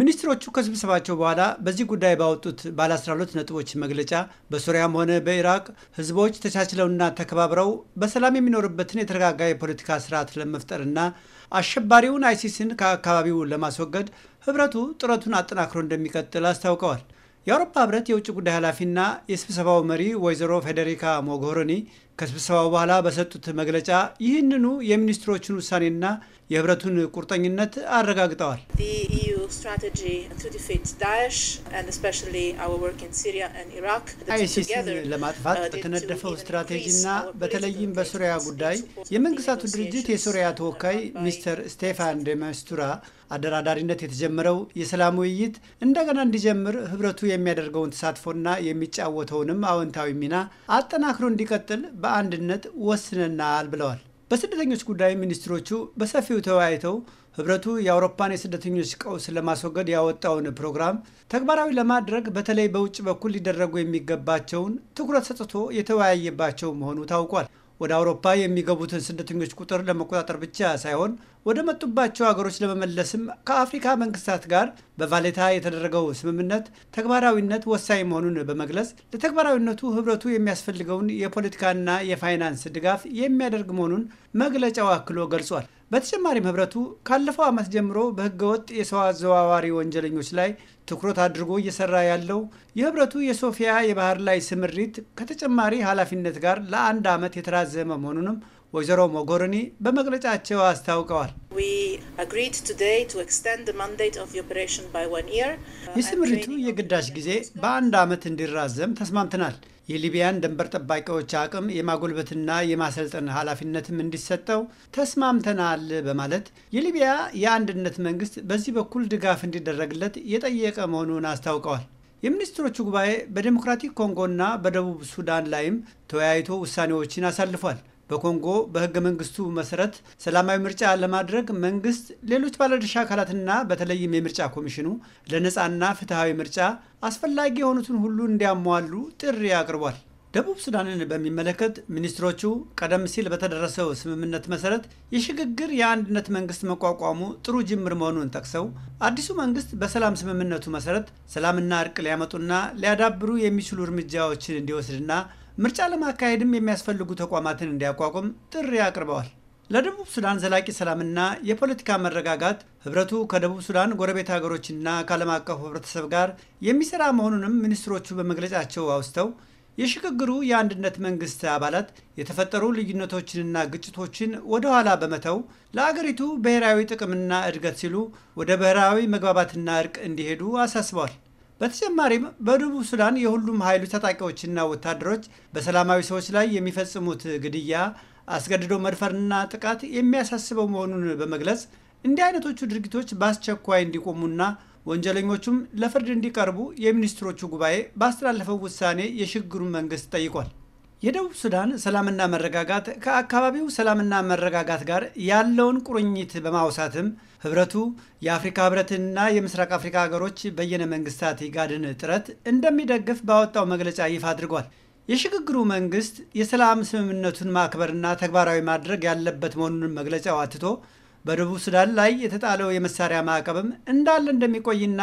ሚኒስትሮቹ ከስብሰባቸው በኋላ በዚህ ጉዳይ ባወጡት ባለ 12 ነጥቦች መግለጫ በሱሪያም ሆነ በኢራቅ ህዝቦች ተቻችለውና ተከባብረው በሰላም የሚኖርበትን የተረጋጋ የፖለቲካ ስርዓት ለመፍጠርና አሸባሪውን አይሲስን ከአካባቢው ለማስወገድ ህብረቱ ጥረቱን አጠናክሮ እንደሚቀጥል አስታውቀዋል። የአውሮፓ ህብረት የውጭ ጉዳይ ኃላፊና የስብሰባው መሪ ወይዘሮ ፌዴሪካ ሞጎሮኒ ከስብሰባው በኋላ በሰጡት መግለጫ ይህንኑ የሚኒስትሮችን ውሳኔና የህብረቱን ቁርጠኝነት አረጋግጠዋል። አይሲስን e uh, ለማጥፋት በተነደፈው ስትራቴጂና በተለይም በሱሪያ ጉዳይ የመንግስታቱ ድርጅት የሱሪያ uh, ተወካይ ሚስተር ስቴፋን ደ አደራዳሪነት የተጀመረው የሰላም ውይይት እንደገና እንዲጀምር ህብረቱ የሚያደርገውን ተሳትፎና የሚጫወተውንም አዎንታዊ ሚና አጠናክሮ እንዲቀጥል በአንድነት ወስነናል ብለዋል። በስደተኞች ጉዳይ ሚኒስትሮቹ በሰፊው ተወያይተው ህብረቱ የአውሮፓን የስደተኞች ቀውስ ለማስወገድ ያወጣውን ፕሮግራም ተግባራዊ ለማድረግ በተለይ በውጭ በኩል ሊደረጉ የሚገባቸውን ትኩረት ሰጥቶ የተወያየባቸው መሆኑ ታውቋል። ወደ አውሮፓ የሚገቡትን ስደተኞች ቁጥር ለመቆጣጠር ብቻ ሳይሆን ወደ መጡባቸው ሀገሮች ለመመለስም ከአፍሪካ መንግስታት ጋር በቫሌታ የተደረገው ስምምነት ተግባራዊነት ወሳኝ መሆኑን በመግለጽ ለተግባራዊነቱ ህብረቱ የሚያስፈልገውን የፖለቲካና የፋይናንስ ድጋፍ የሚያደርግ መሆኑን መግለጫው አክሎ ገልጿል። በተጨማሪም ህብረቱ ካለፈው ዓመት ጀምሮ በህገወጥ የሰው አዘዋዋሪ ወንጀለኞች ላይ ትኩረት አድርጎ እየሰራ ያለው የህብረቱ የሶፊያ የባህር ላይ ስምሪት ከተጨማሪ ኃላፊነት ጋር ለአንድ ዓመት የተራዘመ መሆኑንም ወይዘሮ ሞጎሪኒ በመግለጫቸው አስታውቀዋል። የስምሪቱ የግዳጅ ጊዜ በአንድ ዓመት እንዲራዘም ተስማምተናል። የሊቢያን ድንበር ጠባቂዎች አቅም የማጎልበትና የማሰልጠን ኃላፊነትም እንዲሰጠው ተስማምተናል በማለት የሊቢያ የአንድነት መንግስት በዚህ በኩል ድጋፍ እንዲደረግለት የጠየቀ መሆኑን አስታውቀዋል። የሚኒስትሮቹ ጉባኤ በዴሞክራቲክ ኮንጎና በደቡብ ሱዳን ላይም ተወያይቶ ውሳኔዎችን አሳልፏል። በኮንጎ በህገ መንግስቱ መሰረት ሰላማዊ ምርጫ ለማድረግ መንግስት፣ ሌሎች ባለድርሻ አካላትና በተለይም የምርጫ ኮሚሽኑ ለነፃና ፍትሐዊ ምርጫ አስፈላጊ የሆኑትን ሁሉ እንዲያሟሉ ጥሪ አቅርቧል። ደቡብ ሱዳንን በሚመለከት ሚኒስትሮቹ ቀደም ሲል በተደረሰው ስምምነት መሰረት የሽግግር የአንድነት መንግስት መቋቋሙ ጥሩ ጅምር መሆኑን ጠቅሰው አዲሱ መንግስት በሰላም ስምምነቱ መሰረት ሰላምና እርቅ ሊያመጡና ሊያዳብሩ የሚችሉ እርምጃዎችን እንዲወስድና ምርጫ ለማካሄድም የሚያስፈልጉ ተቋማትን እንዲያቋቁም ጥሪ አቅርበዋል። ለደቡብ ሱዳን ዘላቂ ሰላምና የፖለቲካ መረጋጋት ህብረቱ ከደቡብ ሱዳን ጎረቤት ሀገሮችና ከዓለም አቀፉ ህብረተሰብ ጋር የሚሰራ መሆኑንም ሚኒስትሮቹ በመግለጫቸው አውስተው የሽግግሩ የአንድነት መንግስት አባላት የተፈጠሩ ልዩነቶችንና ግጭቶችን ወደ ኋላ በመተው ለአገሪቱ ብሔራዊ ጥቅምና እድገት ሲሉ ወደ ብሔራዊ መግባባትና እርቅ እንዲሄዱ አሳስበዋል። በተጨማሪም በደቡብ ሱዳን የሁሉም ኃይሎች ታጣቂዎችና ወታደሮች በሰላማዊ ሰዎች ላይ የሚፈጽሙት ግድያ፣ አስገድዶ መድፈርና ጥቃት የሚያሳስበው መሆኑን በመግለጽ እንዲህ አይነቶቹ ድርጊቶች በአስቸኳይ እንዲቆሙና ወንጀለኞቹም ለፍርድ እንዲቀርቡ የሚኒስትሮቹ ጉባኤ ባስተላለፈው ውሳኔ የሽግግሩን መንግስት ጠይቋል። የደቡብ ሱዳን ሰላምና መረጋጋት ከአካባቢው ሰላምና መረጋጋት ጋር ያለውን ቁርኝት በማውሳትም ህብረቱ የአፍሪካ ህብረትና የምስራቅ አፍሪካ ሀገሮች በየነ መንግስታት ኢጋድን ጥረት እንደሚደግፍ ባወጣው መግለጫ ይፋ አድርጓል። የሽግግሩ መንግስት የሰላም ስምምነቱን ማክበርና ተግባራዊ ማድረግ ያለበት መሆኑን መግለጫው አትቶ በደቡብ ሱዳን ላይ የተጣለው የመሳሪያ ማዕቀብም እንዳለ እንደሚቆይና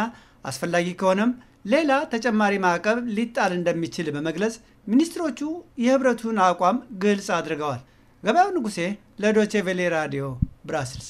አስፈላጊ ከሆነም ሌላ ተጨማሪ ማዕቀብ ሊጣል እንደሚችል በመግለጽ ሚኒስትሮቹ የህብረቱን አቋም ግልጽ አድርገዋል። ገበያው ንጉሴ ለዶቼቬሌ ራዲዮ ብራስልስ